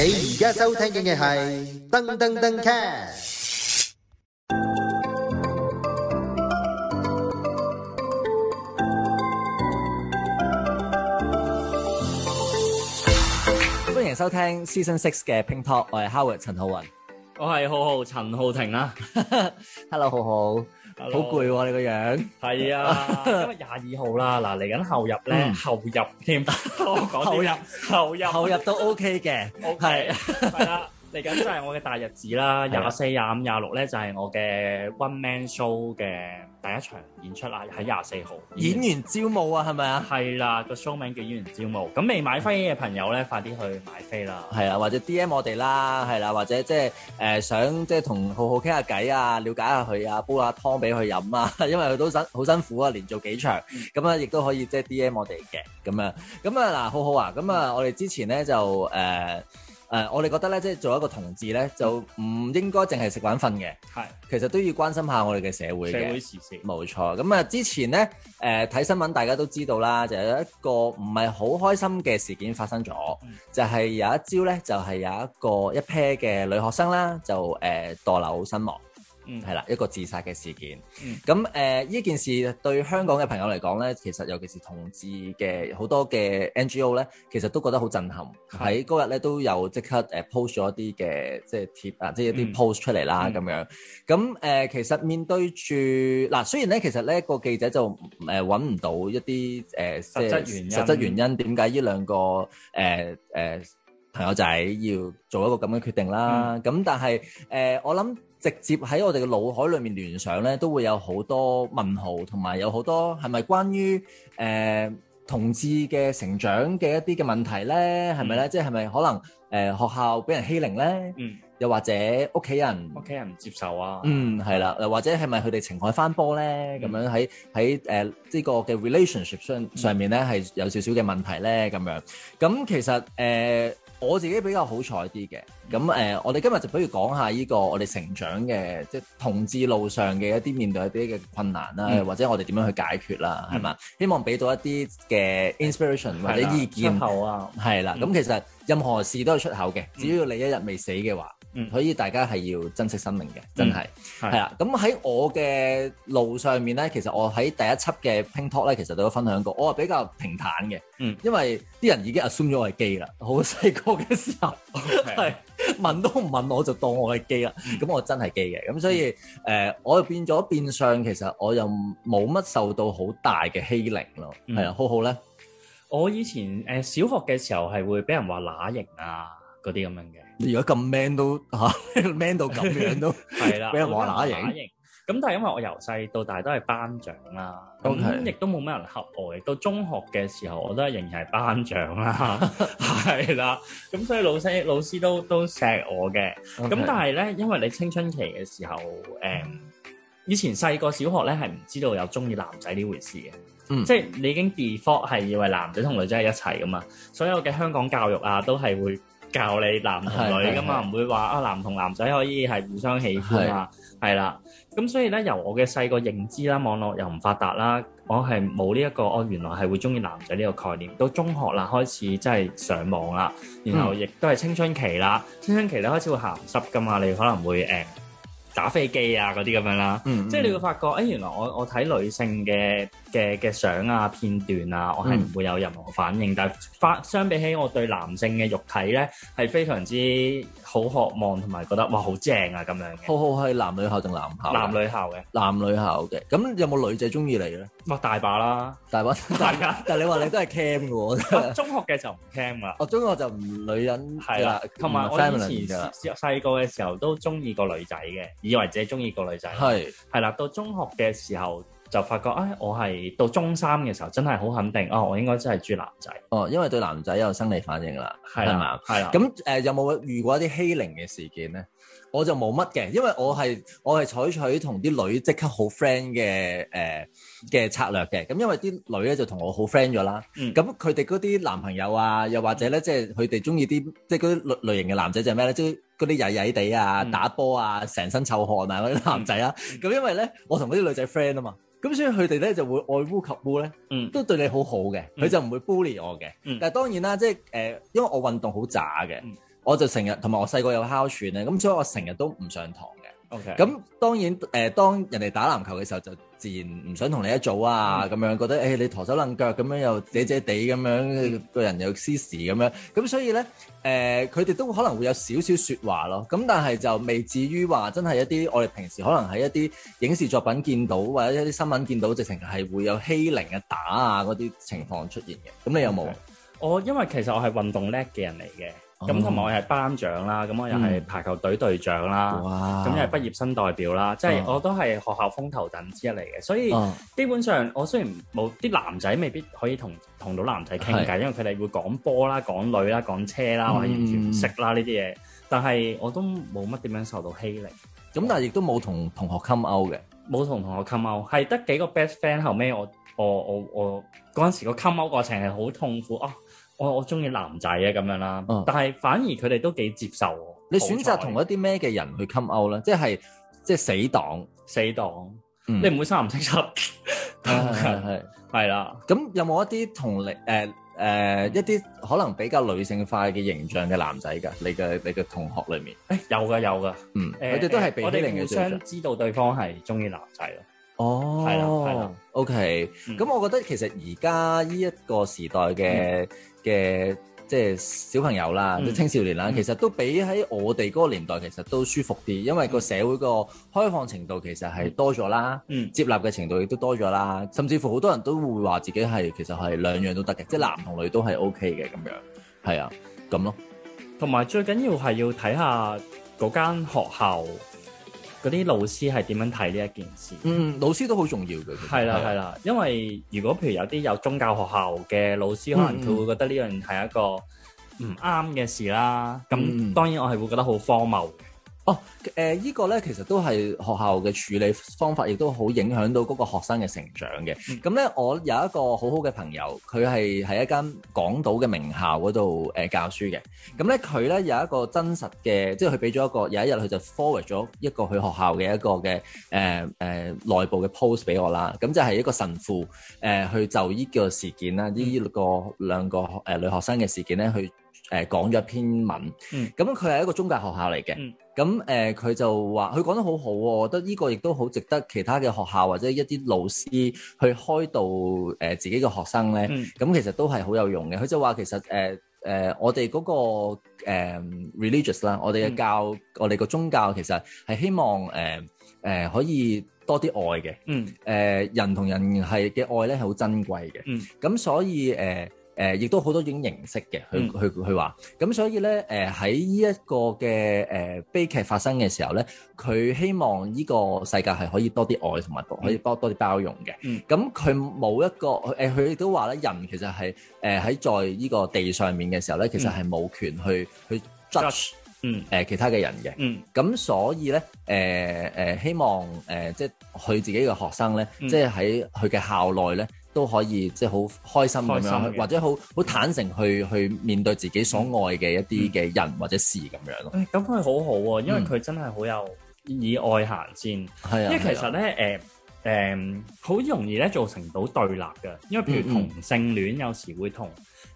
你而家收聽嘅係噔噔噔 cast，歡迎收聽 Season Six 嘅 Pink Talk，我係 Howard 陳浩雲，我係浩浩陳浩霆啦，Hello 浩浩。好攰喎，Hello，你個樣。係啊，今日廿二號啦，嗱嚟緊後日咧，後日添。 後日， 後日，後日都 OK 嘅，OK、 啊。係啦，嚟緊真係我嘅大日子啦。廿四、廿五、廿六咧就係我嘅 One Man Show 嘅。第一場演出啦，喺廿四號。演員招募啊，係咪啊？係啦，個 show 名叫演員招募。咁未買飛嘅朋友咧，快啲去買飛啦。係啦，或者 D M 我哋啦，係啦，或者即係誒想即係同浩浩傾下偈啊，了解下佢啊，煲下湯俾佢飲啊，因為佢都辛好辛苦啊，連續幾場。咁啊，亦都可以即係 D M 我哋嘅咁啊，咁啊嗱，浩浩啊，咁啊，我哋之前咧就誒。呃誒，uh, 我哋覺得咧，即係做一個同志咧，就唔應該淨係食飯瞓嘅，係的，其實都要關心下我哋嘅社會嘅，社會時事，冇錯。咁啊，之前咧，誒、呃、睇新聞大家都知道啦，就有一個唔係好開心嘅事件發生咗的，就係有一朝咧，就係有一個一 pair 嘅女學生啦，就誒、呃、墮樓身亡。嗯，係啦，一個自殺嘅事件。嗯，咁誒，呢、呃、件事對香港嘅朋友嚟講咧，其實尤其是同志嘅好多嘅 NGO 咧，其實都覺得好震撼。喺嗰日咧都有即刻誒 post 咗一啲嘅即係貼啊，即係一啲 post 出嚟啦咁樣。咁、啊、誒，其實面對住嗱，雖然咧其實咧個記者就誒揾唔到一啲誒、呃、實質原因，實質原因點解呢兩個誒誒、呃呃、朋友仔要做一個咁嘅決定啦？咁、嗯、但係誒、呃，我諗。直接喺我哋嘅腦海裏面聯想咧，都會有好多問號，同埋有好多係咪關於誒、呃、同志嘅成長嘅一啲嘅問題咧？係咪咧？嗯、即係係咪可能誒、呃、學校俾人欺凌咧？嗯。又或者屋企人，屋企人唔接受啊。嗯，係啦的，又的或者係咪佢哋情海翻波咧？咁、嗯、樣喺喺誒呢個嘅 relationship 上上面咧係、嗯、有少少嘅問題咧？咁樣咁其實誒。呃我自己比較好彩啲嘅，咁誒、呃，我哋今日就比如講下呢個我哋成長嘅，即、就、係、是、同志路上嘅一啲面對一啲嘅困難啦，嗯、或者我哋點樣去解決啦，係嘛？嗯、希望俾到一啲嘅 inspiration 或者意見出口啊，係啦。咁其實任何事都有出口嘅，只要你一日未死嘅話。嗯。所以大家係要珍惜生命嘅，真係係啦。咁喺我嘅路上面咧，其實我喺第一輯嘅 Pink Talk 咧，其實都有分享過。我係比較平坦嘅，嗯，因為啲人已經 assume 咗我係 gay 啦。好細個嘅時候係問都唔問我就當我係 gay 啦。咁我真係 gay 嘅，咁所以誒我就變咗變相，其實我又冇乜受到好大嘅欺凌咯。係啊，好好咧。我以前誒小學嘅時候係會俾人話乸型啊。嗰啲咁樣嘅，你如果咁 man 都吓、啊、man 到咁樣都係啦，俾 了 人話乸型。咁 但係因為我由細到大都係班長啦、啊，咁亦 Okay.、嗯、都冇咩人恰我。到中學嘅時候，我都仍然係班長啦、啊，係 啦。咁所以老師老師都都錫我嘅。咁 Okay. 但係咧，因為你青春期嘅時候，誒、嗯、以前細個小學咧係唔知道有中意男仔呢回事嘅，即係、嗯、你已經 default 係以為男仔同女仔係一齊噶嘛。所有嘅香港教育啊，都係會。教你男同女㗎嘛，唔的會話啊男同男仔可以係互相喜歡啊，係啦的的。咁所以咧，由我嘅細個認知啦，網絡又唔發達啦，我係冇呢一個，我、哦、原來係會鍾意男仔呢個概念。到中學啦，開始即係上網啦，然後亦都係青春期啦、嗯，青春期咧開始會鹹濕㗎嘛，你可能會誒、呃打飛機啊嗰啲咁樣啦，即係你會發覺，哎原來我我睇女性嘅嘅嘅相啊片段啊，我係唔會有任何反應，但係發相比起我對男性嘅肉體咧，係非常之好渴望同埋覺得哇好正啊咁樣。好好係男女校定男校？男女校嘅，男女校嘅。咁有冇女仔中意你咧？哇大把啦，大把大家。但係你話你都係 cam 嘅喎？中學嘅就唔 cam 啦。哦中學就唔女人係啦，同埋我以前細個嘅時候都中意個女仔嘅。以為自己中意個女仔，係係啦。到中學嘅時候就發覺，誒、哎，我係到中三嘅時候真係好肯定，哦，我應該真係中意男仔。哦，因為對男仔有生理反應啦，係嘛？係啦。咁誒、呃，有冇遇過一啲欺凌嘅事件咧？我就冇乜嘅，因為我係我係採取同啲女即刻好 friend 嘅、誒嘅策略嘅。咁因為啲女咧就同我好 friend 咗啦。咁佢哋嗰啲男朋友啊，又或者咧，即係佢哋中意啲即係嗰啲類型嘅男仔，就係咩咧？即嗰啲曳曳地啊，打波啊，成身臭汗啊嗰啲男仔啦、啊，咁、 嗯、 因為咧，我同嗰啲女仔 friend 啊嘛，咁所以佢哋咧就會愛烏及烏咧，嗯、都對你好好嘅，佢、嗯、就唔會 bully 我嘅。嗯、但係當然啦，即係誒，因為我運動好渣嘅，嗯、我就成日同埋我細個有哮喘咧，咁所以我成日都唔上堂嘅。OK，咁當然誒、呃，當人哋打籃球嘅時候就，自然唔想同你一組啊，咁樣覺得誒、欸、你駝手攆腳咁樣又姐姐哋咁樣，個人又私事咁樣，咁所以呢，誒佢哋都可能會有少少説話咯，咁但係就未至於話真係一啲我哋平時可能喺一啲影視作品見到或者一啲新聞見到直情係會有欺凌啊打啊嗰啲情況出現嘅，咁你有冇？Okay. 我因為其實我係運動叻嘅人嚟嘅。咁同埋我係班長啦，咁、嗯、我又係排球隊隊長啦，咁哇又係畢業生代表啦，即係、啊、我都係學校風頭躉之一嚟嘅，所以基本上我雖然冇啲男仔未必可以同同到男仔傾偈，是因為佢哋會講波啦、講女啦、講車啦，嗯、或者完全唔識啦呢啲嘢，但係我都冇乜點樣受到欺凌，咁、嗯、但係亦都冇同同學 come out 嘅，冇同同學 come out，係得幾個 best friend，後尾我我我我嗰陣時個 come out 過程係好痛苦啊！我我中意男仔啊，咁樣啦，但係反而佢哋都幾接受。你選擇同一啲咩嘅人去 come out 咧？即係即係死黨，死黨，你唔會三唔識七？係係係啦。咁有冇一啲同你誒誒一啲可能比較女性化嘅形象嘅男仔噶？你嘅你嘅同學裏面誒有噶有噶，嗯，佢哋都係我哋互相知道對方係中意男仔咯。哦，係啦係啦，OK。咁我覺得其實而家呢一個時代嘅。嘅即係小朋友啦，即、嗯、青少年啦，嗯、其實都比喺我哋嗰個年代其實都舒服啲，因為個社會個開放程度其實係多咗啦，嗯，接納嘅程度亦都多咗啦，甚至乎好多人都會話自己係其實係兩樣都得嘅，嗯、即係男同女都係 OK 嘅咁樣，係啊，咁咯，同埋最緊要係要睇下嗰間學校。嗰啲老師係點樣睇呢一件事？嗯，老師都好重要嘅。係啦，係啦，因為如果譬如有啲有宗教學校嘅老師，嗯、可能佢會覺得呢樣係一個唔啱嘅事啦。咁、嗯、當然我係會覺得好荒謬。哦，誒、呃、依、這個咧，其實都係學校嘅處理方法，亦都好影響到嗰個學生嘅成長嘅。咁咧、嗯，我有一個好好嘅朋友，佢係喺一間港島嘅名校嗰度誒教書嘅。咁咧，佢咧有一個真實嘅，即係佢俾咗一個，有一日佢就 forward 咗一個去學校嘅一個嘅誒誒內部嘅 post 俾我啦。咁就係一個神父誒、呃、去就呢個事件啦，呢、嗯、個兩個誒、呃、女學生嘅事件咧去。誒、呃、講咗篇文，咁佢係一個宗教學校嚟嘅，咁誒佢就話，佢講得好好、哦、喎，我覺得呢個亦都好值得其他嘅學校或者一啲老師去開導誒自己嘅學生咧，咁、嗯嗯嗯、其實都係好有用嘅。佢就話其實誒誒、呃呃，我哋嗰、那個 religious 啦，呃、Religious，我哋嘅教，嗯、我哋個宗教其實係希望誒誒、呃呃、可以多啲愛嘅，誒、嗯呃、人同人係嘅愛咧係好珍貴嘅，咁、嗯嗯嗯、所以誒。呃誒，亦都好多種形式嘅，佢佢佢話。咁、嗯、所以咧，誒喺呢一個嘅誒悲劇發生嘅時候咧，佢希望呢個世界係可以多啲愛同埋可以多多啲包容嘅。咁佢冇一個誒，佢亦都話咧，人其實係誒喺在呢個地上面嘅時候咧，其實係冇權去去 judge，嗯，誒其他嘅人嘅。嗯。咁、嗯嗯、所以咧，誒、呃、誒希望誒、呃，即係佢自己嘅學生咧，嗯、即係喺佢嘅校內咧。都可以即係好開心咁樣，開心或者好好、嗯、坦誠去去面對自己所愛嘅一啲嘅人、嗯、或者事咁樣咯。咁佢、欸、好好、啊、喎，因為佢真係好有以愛行先。嗯、因為其實咧，誒誒是、啊嗯，好容易咧造成到對立嘅。因為譬如同性戀有時會同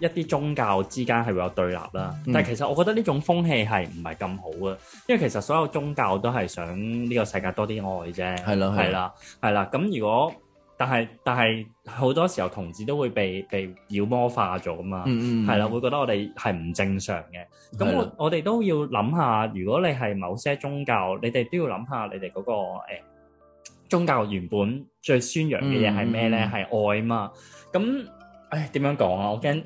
一啲宗教之間係會有對立啦。但係其實我覺得呢種風氣係唔係咁好嘅，因為其實所有宗教都係想呢個世界多啲愛啫。係啦係啦係啦。咁如果但係，但係好多時候，同志都會被被妖魔化咗嘛，係啦，會覺得我哋係唔正常嘅。咁我我哋都要諗下，如果你係某些宗教，你哋都要諗下你哋嗰個誒宗教原本最宣揚嘅嘢係咩咧？係愛嘛。咁誒點樣講啊？我驚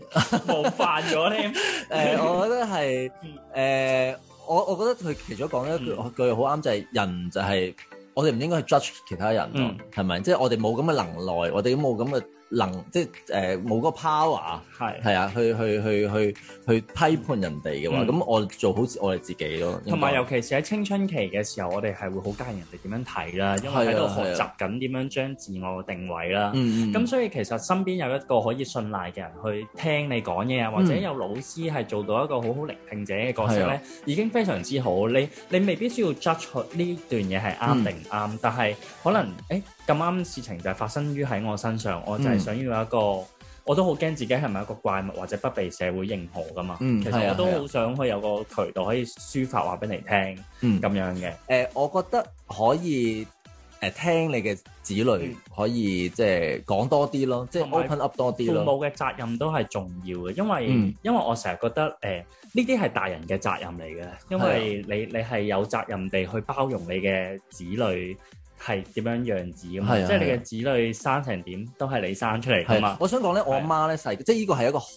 冒犯咗添。誒，我覺得係誒，我我覺得佢其中講咧句句好啱就係人就係。我哋唔應該去 judge 其他人囉，係咪、嗯？即係我哋冇咁嘅能耐，我哋都冇咁嘅。能即係誒，冇嗰個 power，係係啊，去去去去去批判人哋嘅話，咁我做好我哋自己咯。同埋尤其係喺青春期嘅時候，我哋係會好 care 人哋點樣睇啦，因為喺度學習緊點樣將自我定位啦。咁所以其實身邊有一個可以信賴嘅人去聽你講嘢啊，或者有老師係做到一個好好聆聽者嘅角色咧，已經非常之好。你你未必需要 judge 呢段嘢係啱定唔啱，但係可能誒。咁啱事情就係發生於喺我，我身上，我就係想要一個，嗯、我都好驚自己係咪一個怪物或者不被社會認可噶嘛。嗯、其實我、嗯嗯、我都好想去有個渠道可以抒發話俾你聽，咁、嗯、樣嘅。誒、呃，我覺得可以誒，聽你嘅子女可以即係講多啲咯，嗯、即係 open up 多啲。父母嘅責任都係重要嘅，因為、嗯、因為我成日覺得誒，呢啲係大人嘅責任嚟嘅，因為你你係有責任地去包容你嘅子女。係點樣樣子啊？即係你嘅子女生成點，都係你生出嚟噶嘛、啊？我想講咧，我阿媽咧細、啊，即係呢個係一個好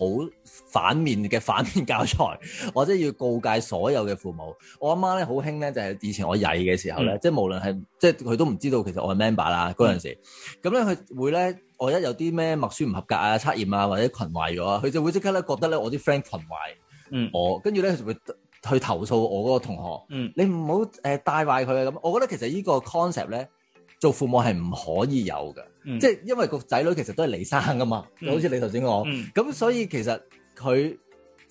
反面嘅反面教材，或者要告誡所有嘅父母。我阿媽咧好興咧，就係、是、以前我曳嘅時候咧、嗯，即係無論係即係佢都唔知道其實我係 member 啦嗰陣時。咁咧佢會咧，我一有啲咩默書唔合格啊、測驗啊或者群壞咗，佢就會即刻咧覺得咧我啲 friend 群壞，嗯，我跟住咧佢就會。去投訴我嗰個同學，嗯、你唔好誒帶壞佢啊咁。我覺得其實個呢個 concept 咧，做父母係唔可以有嘅，嗯、即係因為個仔女其實都係嚟生噶嘛，嗯、好似你頭先講，咁、嗯、所以其實佢。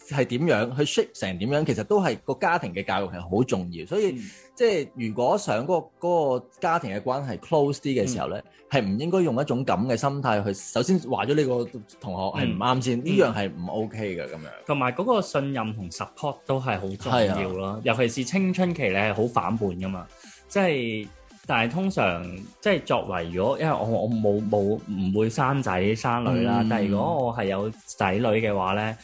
係點樣去 shape 成點樣？其實都係個家庭嘅教育係好重要，所以、嗯、即係如果想嗰、嗰個嗰個家庭嘅關係 close 啲嘅時候咧，係唔、嗯、應該用一種咁嘅心態去。首先話咗呢個同學係唔啱先，呢、嗯、樣係唔 OK 嘅咁樣。同埋嗰個信任同 support 都係好重要咯，是啊、尤其是青春期咧係好反叛噶嘛。即、就、係、是、但係通常即係、就是、作為如果因為我我冇冇唔會生仔生女啦，嗯、但係如果我係有仔女嘅話咧。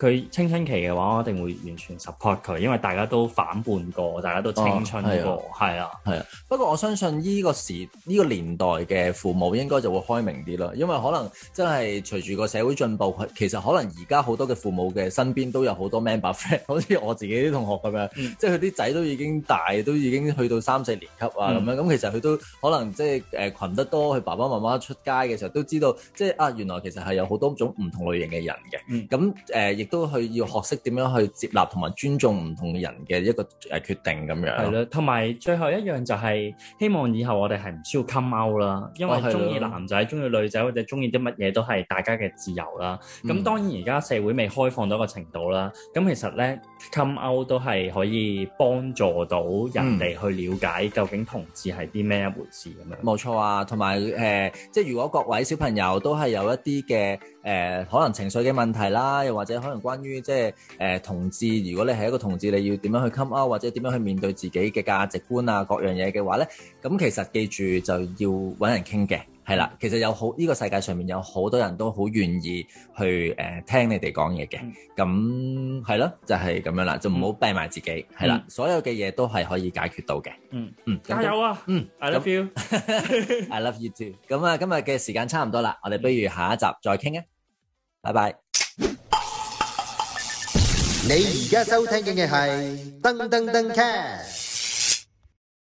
佢青春期嘅話，我一定會完全 support 佢，因為大家都反叛過，大家都青春過，係啊，係啊。啊啊啊不過我相信依個時呢、呢個年代嘅父母應該就會開明啲啦，因為可能真係隨住個社會進步，其實可能而家好多嘅父母嘅身邊都有好多 man friend，好似我自己啲同學咁樣，即係佢啲仔都已經大，都已經去到三四年級啊咁樣，咁、嗯、其實佢都可能即係誒群得多，佢爸爸媽媽出街嘅時候都知道，即係啊，原來其實係有好多種唔同類型嘅人嘅，咁誒亦。都去要學識點樣去接納同埋尊重唔同嘅人嘅一個誒決定咁樣係啦，同埋最後一樣就係、是、希望以後我哋係唔需要 come out 啦，因為中意、哦、男仔、中意女仔或者中意啲乜嘢都係大家嘅自由啦。咁當然而家社會未開放到一個程度啦。咁、嗯、其實咧 come out 都係可以幫助到人哋去了解、嗯、究竟同志係啲咩一回事咁樣冇錯啊，同埋誒即係如果各位小朋友都係有一啲嘅誒可能情緒嘅問題啦，又或者可能。關於即係誒同志，如果你係一個同志，你要點樣去 come out 或者點樣去面對自己嘅價值觀啊，各樣嘢嘅話呢？咁其實記住就要揾人傾嘅，係啦。其實有好呢、這個世界上面有好多人都好願意去誒、呃、聽你哋講嘢嘅，咁係咯，就係、是、咁樣啦，就唔好逼埋自己，係啦。所有嘅嘢都係可以解決到嘅。嗯嗯，嗯加油啊！嗯，I love you，I、嗯、love you too。咁啊，今日嘅時間差唔多啦，我哋不如下一集再傾啊，拜拜。你而家收聽嘅係噔噔噔 cat